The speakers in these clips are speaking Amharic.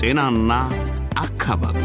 ጤናና አካባቢ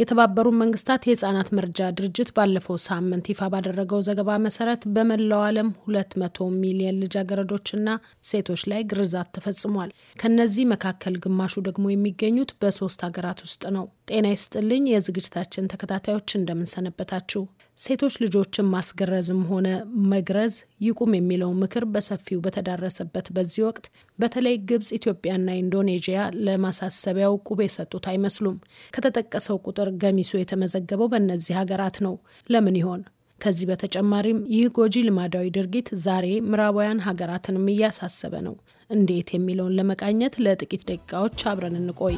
የተባበሩት መንግስታት የህጻናት መርጃ ድርጅት ባለፈው ሳምንት ይፋ ባደረገው ዘገባ መሰረት በመላው ዓለም 200 ሚሊዮን ልጃገረዶችና ሴቶች ላይ ግርዛት ተፈጽሟል። ከነዚህ መካከል ግማሹ ደግሞ የሚገኙት በሶስት ሀገራት ውስጥ ነው። ጤና ይስጥልኝ የዝግጅታችን ተከታታዮች እንደምንሰነበታችሁ። ሴቶች ልጆችን ማስገረዝም ሆነ መግረዝ ይቁም የሚለው ምክር በሰፊው በተዳረሰበት በዚህ ወቅት በተለይ ግብጽ፣ ኢትዮጵያና ኢንዶኔዥያ ለማሳሰቢያው ቁብ የሰጡት አይመስሉም። ከተጠቀሰው ቁጥር ገሚሱ የተመዘገበው በእነዚህ ሀገራት ነው። ለምን ይሆን? ከዚህ በተጨማሪም ይህ ጎጂ ልማዳዊ ድርጊት ዛሬ ምዕራባውያን ሀገራትንም እያሳሰበ ነው። እንዴት የሚለውን ለመቃኘት ለጥቂት ደቂቃዎች አብረን እንቆይ።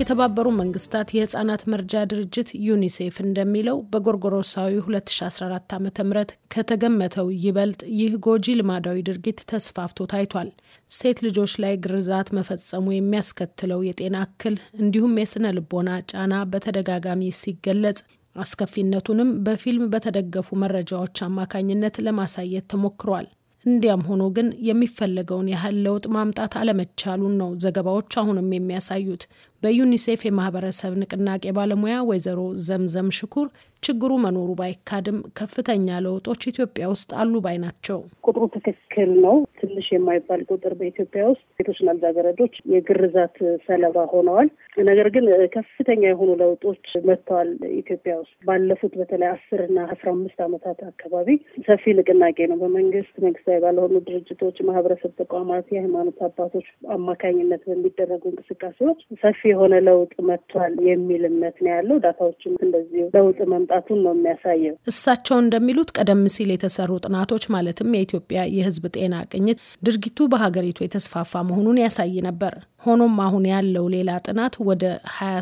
የተባበሩ መንግስታት የህጻናት መርጃ ድርጅት ዩኒሴፍ እንደሚለው በጎርጎሮሳዊ 2014 ዓ ም ከተገመተው ይበልጥ ይህ ጎጂ ልማዳዊ ድርጊት ተስፋፍቶ ታይቷል። ሴት ልጆች ላይ ግርዛት መፈጸሙ የሚያስከትለው የጤና እክል እንዲሁም የስነ ልቦና ጫና በተደጋጋሚ ሲገለጽ አስከፊነቱንም በፊልም በተደገፉ መረጃዎች አማካኝነት ለማሳየት ተሞክሯል። እንዲያም ሆኖ ግን የሚፈለገውን ያህል ለውጥ ማምጣት አለመቻሉን ነው ዘገባዎች አሁንም የሚያሳዩት። በዩኒሴፍ የማህበረሰብ ንቅናቄ ባለሙያ ወይዘሮ ዘምዘም ሽኩር ችግሩ መኖሩ ባይካድም ከፍተኛ ለውጦች ኢትዮጵያ ውስጥ አሉ ባይ ናቸው። ቁጥሩ ትክክል ነው። ትንሽ የማይባል ቁጥር በኢትዮጵያ ውስጥ ሴቶችና ልጃገረዶች የግርዛት ሰለባ ሆነዋል። ነገር ግን ከፍተኛ የሆኑ ለውጦች መጥተዋል። ኢትዮጵያ ውስጥ ባለፉት በተለይ አስር እና አስራ አምስት ዓመታት አካባቢ ሰፊ ንቅናቄ ነው በመንግስት መንግስታዊ ባለሆኑ ድርጅቶች፣ ማህበረሰብ ተቋማት፣ የሃይማኖት አባቶች አማካኝነት በሚደረጉ እንቅስቃሴዎች ሰፊ የሆነ ለውጥ መጥቷል የሚል እምነት ነው ያለው። ዳታዎችም እንደዚሁ ለውጥ መምጣቱን ነው የሚያሳየው። እሳቸው እንደሚሉት ቀደም ሲል የተሰሩ ጥናቶች ማለትም የኢትዮጵያ የሕዝብ ጤና ቅኝት ድርጊቱ በሀገሪቱ የተስፋፋ መሆኑን ያሳይ ነበር። ሆኖም አሁን ያለው ሌላ ጥናት ወደ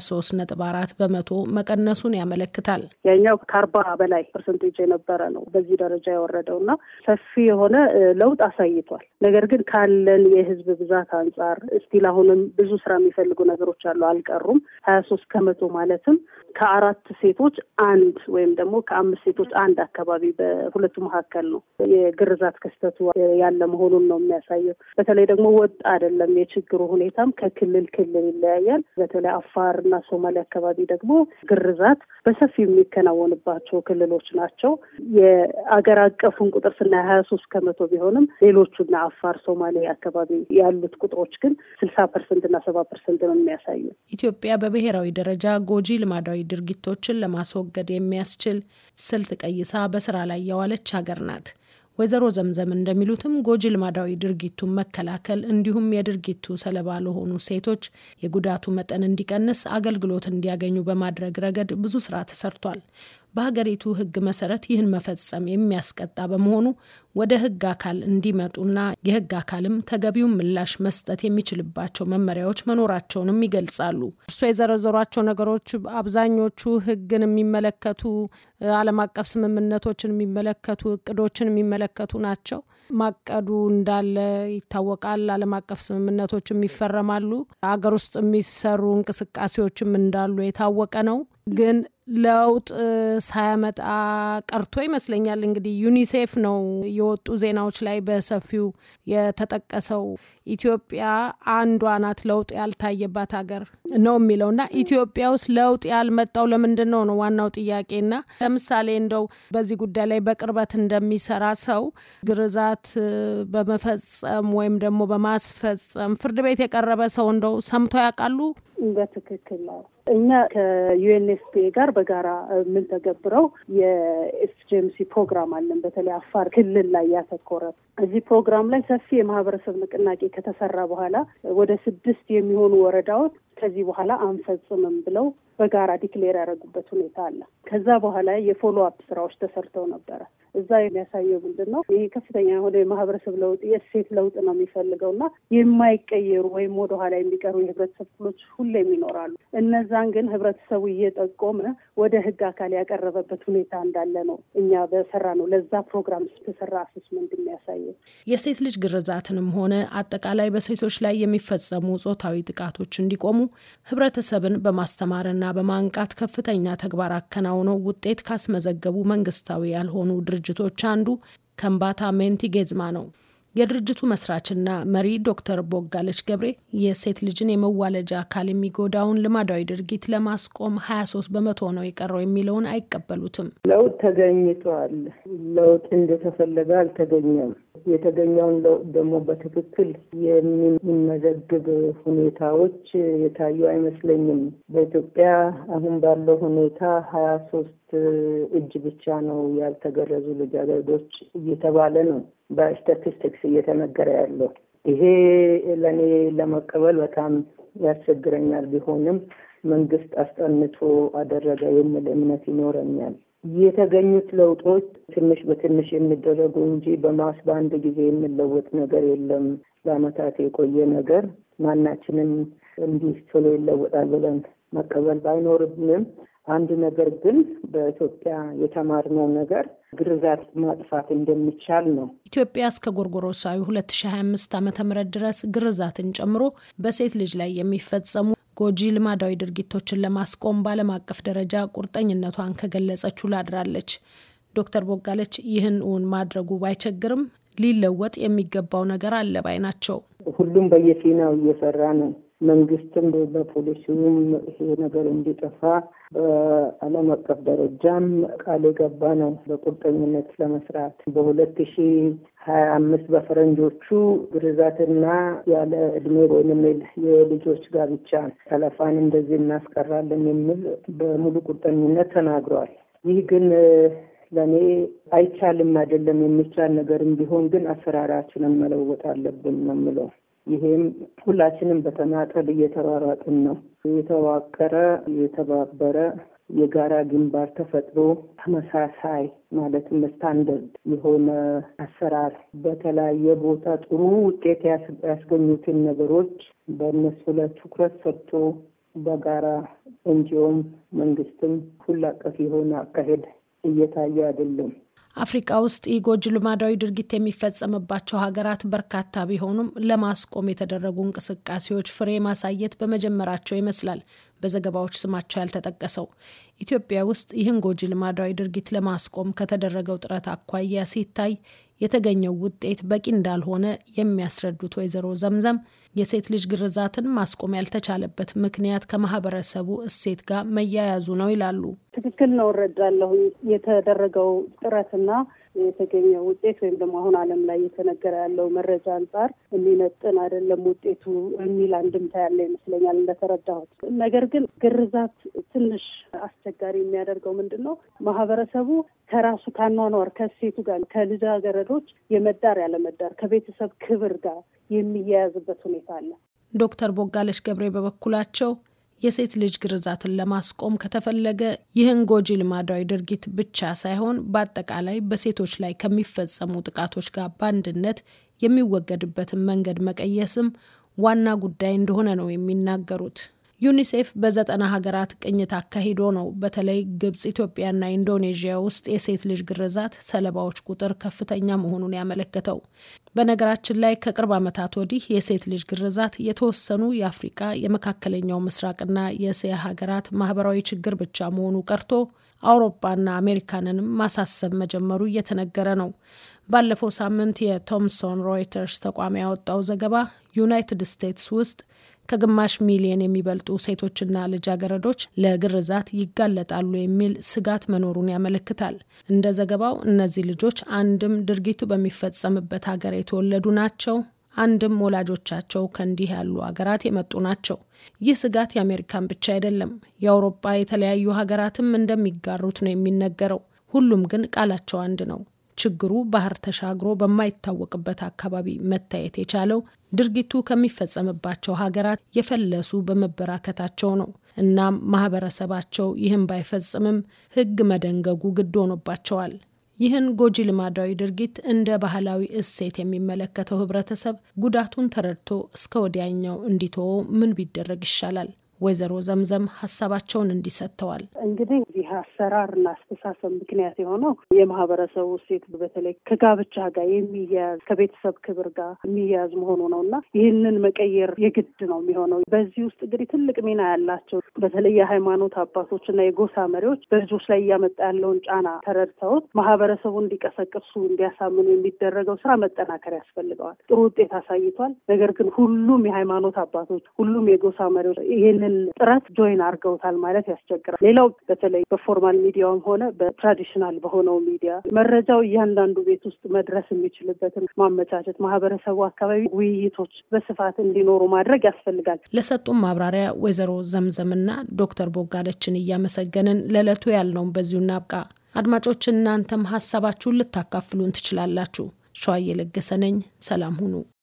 ሶስት ነጥብ አራት በመቶ መቀነሱን ያመለክታል። ያኛው ከአርባ በላይ ፐርሰንቴጅ የነበረ ነው በዚህ ደረጃ የወረደው እና ሰፊ የሆነ ለውጥ አሳይቷል። ነገር ግን ካለን የህዝብ ብዛት አንጻር እስቲል አሁንም ብዙ ስራ የሚፈልጉ ነገሮች አሉ፣ አልቀሩም። ሀያ ሶስት ከመቶ ማለትም ከአራት ሴቶች አንድ ወይም ደግሞ ከአምስት ሴቶች አንድ አካባቢ በሁለቱ መካከል ነው የግርዛት ክስተቱ ያለ መሆኑን ነው የሚያሳየው። በተለይ ደግሞ ወጥ አይደለም የችግሩ ሁኔታ በጣም ከክልል ክልል ይለያያል። በተለይ አፋር እና ሶማሌ አካባቢ ደግሞ ግርዛት በሰፊው የሚከናወንባቸው ክልሎች ናቸው። የአገር አቀፉን ቁጥር ስናይ ሀያ ሶስት ከመቶ ቢሆንም ሌሎቹና አፋር ሶማሌ አካባቢ ያሉት ቁጥሮች ግን ስልሳ ፐርሰንት እና ሰባ ፐርሰንት ነው የሚያሳዩ። ኢትዮጵያ በብሔራዊ ደረጃ ጎጂ ልማዳዊ ድርጊቶችን ለማስወገድ የሚያስችል ስልት ቀይሳ በስራ ላይ የዋለች ሀገር ናት። ወይዘሮ ዘምዘም እንደሚሉትም ጎጂ ልማዳዊ ድርጊቱን መከላከል እንዲሁም የድርጊቱ ሰለባ ለሆኑ ሴቶች የጉዳቱ መጠን እንዲቀንስ አገልግሎት እንዲያገኙ በማድረግ ረገድ ብዙ ስራ ተሰርቷል። በሀገሪቱ ህግ መሰረት ይህን መፈጸም የሚያስቀጣ በመሆኑ ወደ ህግ አካል እንዲመጡና የህግ አካልም ተገቢውን ምላሽ መስጠት የሚችልባቸው መመሪያዎች መኖራቸውንም ይገልጻሉ። እርሶ የዘረዘሯቸው ነገሮች አብዛኞቹ ህግን የሚመለከቱ ዓለም አቀፍ ስምምነቶችን የሚመለከቱ እቅዶችን የሚመለከቱ ናቸው። ማቀዱ እንዳለ ይታወቃል። ዓለም አቀፍ ስምምነቶችም ይፈረማሉ። አገር ውስጥ የሚሰሩ እንቅስቃሴዎችም እንዳሉ የታወቀ ነው ግን ለውጥ ሳያመጣ ቀርቶ ይመስለኛል። እንግዲህ ዩኒሴፍ ነው የወጡ ዜናዎች ላይ በሰፊው የተጠቀሰው። ኢትዮጵያ አንዷ ናት ለውጥ ያልታየባት ሀገር ነው የሚለው እና ኢትዮጵያ ውስጥ ለውጥ ያልመጣው ለምንድን ነው ነው ዋናው ጥያቄና ለምሳሌ እንደው በዚህ ጉዳይ ላይ በቅርበት እንደሚሰራ ሰው ግርዛት በመፈጸም ወይም ደግሞ በማስፈጸም ፍርድ ቤት የቀረበ ሰው እንደው ሰምቶ ያውቃሉ? በትክክል ነው። እኛ ከዩኤንኤፍፒኤ ጋር በጋራ የምንተገብረው የኤስጂኤምሲ ፕሮግራም አለን። በተለይ አፋር ክልል ላይ ያተኮረ እዚህ ፕሮግራም ላይ ሰፊ የማህበረሰብ ንቅናቄ ከተሰራ በኋላ ወደ ስድስት የሚሆኑ ወረዳዎች ከዚህ በኋላ አንፈጽምም ብለው በጋራ ዲክሌር ያደረጉበት ሁኔታ አለ። ከዛ በኋላ የፎሎ አፕ ስራዎች ተሰርተው ነበረ። እዛ የሚያሳየው ምንድን ነው? ይህ ከፍተኛ የሆነ የማህበረሰብ ለውጥ የእሴት ለውጥ ነው የሚፈልገው እና የማይቀየሩ ወይም ወደኋላ የሚቀሩ የህብረተሰብ ክፍሎች ሁሌም ይኖራሉ። እነዛን ግን ህብረተሰቡ እየጠቆመ ወደ ህግ አካል ያቀረበበት ሁኔታ እንዳለ ነው እኛ በሰራ ነው ለዛ ፕሮግራም የተሰራ አሴስመንት የሚያሳየው። የሴት ልጅ ግርዛትንም ሆነ አጠቃላይ በሴቶች ላይ የሚፈጸሙ ጾታዊ ጥቃቶች እንዲቆሙ ህብረተሰብን በማስተማርና በማንቃት ከፍተኛ ተግባር አከናውነው ውጤት ካስመዘገቡ መንግስታዊ ያልሆኑ ድርጅቶች ድርጅቶች አንዱ ከምባታ ሜንቲ ጌዝማ ነው። የድርጅቱ መስራችና መሪ ዶክተር ቦጋለች ገብሬ የሴት ልጅን የመዋለጃ አካል የሚጎዳውን ልማዳዊ ድርጊት ለማስቆም ሀያ ሶስት በመቶ ነው የቀረው የሚለውን አይቀበሉትም። ለውጥ ተገኝቷል። ለውጥ እንደተፈለገ አልተገኘም። የተገኘውን ለውጥ ደግሞ በትክክል የሚመዘግብ ሁኔታዎች የታዩ አይመስለኝም። በኢትዮጵያ አሁን ባለው ሁኔታ ሀያ ሶስት እጅ ብቻ ነው ያልተገረዙ ልጃገረዶች እየተባለ ነው በስታቲስቲክስ እየተነገረ ያለው። ይሄ ለእኔ ለመቀበል በጣም ያስቸግረኛል። ቢሆንም መንግስት አስጠንቶ አደረገ የሚል እምነት ይኖረኛል። የተገኙት ለውጦች ትንሽ በትንሽ የሚደረጉ እንጂ በማስ በአንድ ጊዜ የሚለወጥ ነገር የለም። ለአመታት የቆየ ነገር ማናችንም እንዲህ ቶሎ ይለወጣል ብለን መቀበል ባይኖርብንም አንድ ነገር ግን በኢትዮጵያ የተማርነው ነገር ግርዛት ማጥፋት እንደሚቻል ነው። ኢትዮጵያ እስከ ጎርጎሮሳዊ 2025 ዓ ም ድረስ ግርዛትን ጨምሮ በሴት ልጅ ላይ የሚፈጸሙ ጎጂ ልማዳዊ ድርጊቶችን ለማስቆም በዓለም አቀፍ ደረጃ ቁርጠኝነቷን ከገለጸች ውላድራለች። ዶክተር ቦጋለች ይህን እውን ማድረጉ ባይቸግርም ሊለወጥ የሚገባው ነገር አለ ባይ ናቸው። ሁሉም በየፊናው እየሰራ ነው። መንግስትም በፖሊሲውም ይሄ ነገር እንዲጠፋ በዓለም አቀፍ ደረጃም ቃል የገባ ነው በቁርጠኝነት ለመስራት በሁለት ሺ ሀያ አምስት በፈረንጆቹ ግርዛትና ያለ እድሜ ወይም የልጆች ጋብቻ ጠለፋን እንደዚህ እናስቀራለን የሚል በሙሉ ቁርጠኝነት ተናግሯል። ይህ ግን ለእኔ አይቻልም አይደለም የሚቻል ነገርም ቢሆን ግን አሰራራችንን መለወጥ አለብን ነው የምለው። ይሄም ሁላችንም በተናጠል እየተሯሯጥን ነው። የተዋቀረ የተባበረ የጋራ ግንባር ተፈጥሮ ተመሳሳይ ማለትም ስታንደርድ የሆነ አሰራር በተለያየ ቦታ ጥሩ ውጤት ያስገኙትን ነገሮች በእነሱ ላይ ትኩረት ሰጥቶ በጋራ ኤንጂኦም መንግስትም ሁላቀፍ የሆነ አካሄድ እየታየ አይደለም። አፍሪካ ውስጥ ይህ ጎጂ ልማዳዊ ድርጊት የሚፈጸምባቸው ሀገራት በርካታ ቢሆኑም ለማስቆም የተደረጉ እንቅስቃሴዎች ፍሬ ማሳየት በመጀመራቸው ይመስላል በዘገባዎች ስማቸው ያልተጠቀሰው ኢትዮጵያ ውስጥ ይህን ጎጂ ልማዳዊ ድርጊት ለማስቆም ከተደረገው ጥረት አኳያ ሲታይ የተገኘው ውጤት በቂ እንዳልሆነ የሚያስረዱት ወይዘሮ ዘምዘም የሴት ልጅ ግርዛትን ማስቆም ያልተቻለበት ምክንያት ከማህበረሰቡ እሴት ጋር መያያዙ ነው ይላሉ። ትክክል ነው፣ እረዳለሁ። የተደረገው ጥረትና የተገኘ ውጤት ወይም ደግሞ አሁን ዓለም ላይ እየተነገረ ያለው መረጃ አንጻር የሚመጥን አይደለም ውጤቱ የሚል አንድምታ ያለ ይመስለኛል እንደተረዳሁት። ነገር ግን ግርዛት ትንሽ አስቸጋሪ የሚያደርገው ምንድን ነው ማህበረሰቡ ከራሱ ከአኗኗር ከሴቱ ጋር ከልጃገረዶች የመዳር ያለመዳር ከቤተሰብ ክብር ጋር የሚያያዝበት ሁኔታ አለ። ዶክተር ቦጋለሽ ገብሬ በበኩላቸው የሴት ልጅ ግርዛትን ለማስቆም ከተፈለገ ይህን ጎጂ ልማዳዊ ድርጊት ብቻ ሳይሆን በአጠቃላይ በሴቶች ላይ ከሚፈጸሙ ጥቃቶች ጋር በአንድነት የሚወገድበትን መንገድ መቀየስም ዋና ጉዳይ እንደሆነ ነው የሚናገሩት። ዩኒሴፍ በዘጠና ሀገራት ቅኝት አካሂዶ ነው በተለይ ግብጽ፣ ኢትዮጵያና ኢንዶኔዥያ ውስጥ የሴት ልጅ ግርዛት ሰለባዎች ቁጥር ከፍተኛ መሆኑን ያመለከተው። በነገራችን ላይ ከቅርብ ዓመታት ወዲህ የሴት ልጅ ግርዛት የተወሰኑ የአፍሪቃ የመካከለኛው ምስራቅና የእስያ ሀገራት ማህበራዊ ችግር ብቻ መሆኑ ቀርቶ አውሮፓና አሜሪካንንም ማሳሰብ መጀመሩ እየተነገረ ነው። ባለፈው ሳምንት የቶምሶን ሮይተርስ ተቋም ያወጣው ዘገባ ዩናይትድ ስቴትስ ውስጥ ከግማሽ ሚሊየን የሚበልጡ ሴቶችና ልጃገረዶች ለግርዛት ይጋለጣሉ የሚል ስጋት መኖሩን ያመለክታል። እንደ ዘገባው እነዚህ ልጆች አንድም ድርጊቱ በሚፈጸምበት ሀገር የተወለዱ ናቸው፣ አንድም ወላጆቻቸው ከእንዲህ ያሉ ሀገራት የመጡ ናቸው። ይህ ስጋት የአሜሪካን ብቻ አይደለም። የአውሮፓ የተለያዩ ሀገራትም እንደሚጋሩት ነው የሚነገረው። ሁሉም ግን ቃላቸው አንድ ነው። ችግሩ ባህር ተሻግሮ በማይታወቅበት አካባቢ መታየት የቻለው ድርጊቱ ከሚፈጸምባቸው ሀገራት የፈለሱ በመበራከታቸው ነው። እናም ማህበረሰባቸው ይህን ባይፈጽምም ሕግ መደንገጉ ግድ ሆኖባቸዋል። ይህን ጎጂ ልማዳዊ ድርጊት እንደ ባህላዊ እሴት የሚመለከተው ህብረተሰብ ጉዳቱን ተረድቶ እስከ ወዲያኛው እንዲተወው ምን ቢደረግ ይሻላል? ወይዘሮ ዘምዘም ሀሳባቸውን እንዲሰጥተዋል። እንግዲህ አሰራርና አስተሳሰብ ምክንያት የሆነው የማህበረሰቡ እሴት በተለይ ከጋብቻ ጋር የሚያያዝ ከቤተሰብ ክብር ጋር የሚያያዝ መሆኑ ነው እና ይህንን መቀየር የግድ ነው የሚሆነው። በዚህ ውስጥ እንግዲህ ትልቅ ሚና ያላቸው በተለይ የሃይማኖት አባቶች እና የጎሳ መሪዎች በልጆች ላይ እያመጣ ያለውን ጫና ተረድተውት ማህበረሰቡ እንዲቀሰቅሱ እንዲያሳምኑ የሚደረገው ስራ መጠናከር ያስፈልገዋል። ጥሩ ውጤት አሳይቷል። ነገር ግን ሁሉም የሃይማኖት አባቶች፣ ሁሉም የጎሳ መሪዎች ይህንን ጥረት ጆይን አድርገውታል ማለት ያስቸግራል። ሌላው በተለይ በ በፎርማል ሚዲያውም ሆነ በትራዲሽናል በሆነው ሚዲያ መረጃው እያንዳንዱ ቤት ውስጥ መድረስ የሚችልበትን ማመቻቸት፣ ማህበረሰቡ አካባቢ ውይይቶች በስፋት እንዲኖሩ ማድረግ ያስፈልጋል። ለሰጡም ማብራሪያ ወይዘሮ ዘምዘምና ዶክተር ቦጋለችን እያመሰገንን ለዕለቱ ያልነውን በዚሁ እናብቃ። አድማጮች እናንተም ሀሳባችሁን ልታካፍሉን ትችላላችሁ። ሸዋዬ ለገሰ ነኝ። ሰላም ሁኑ።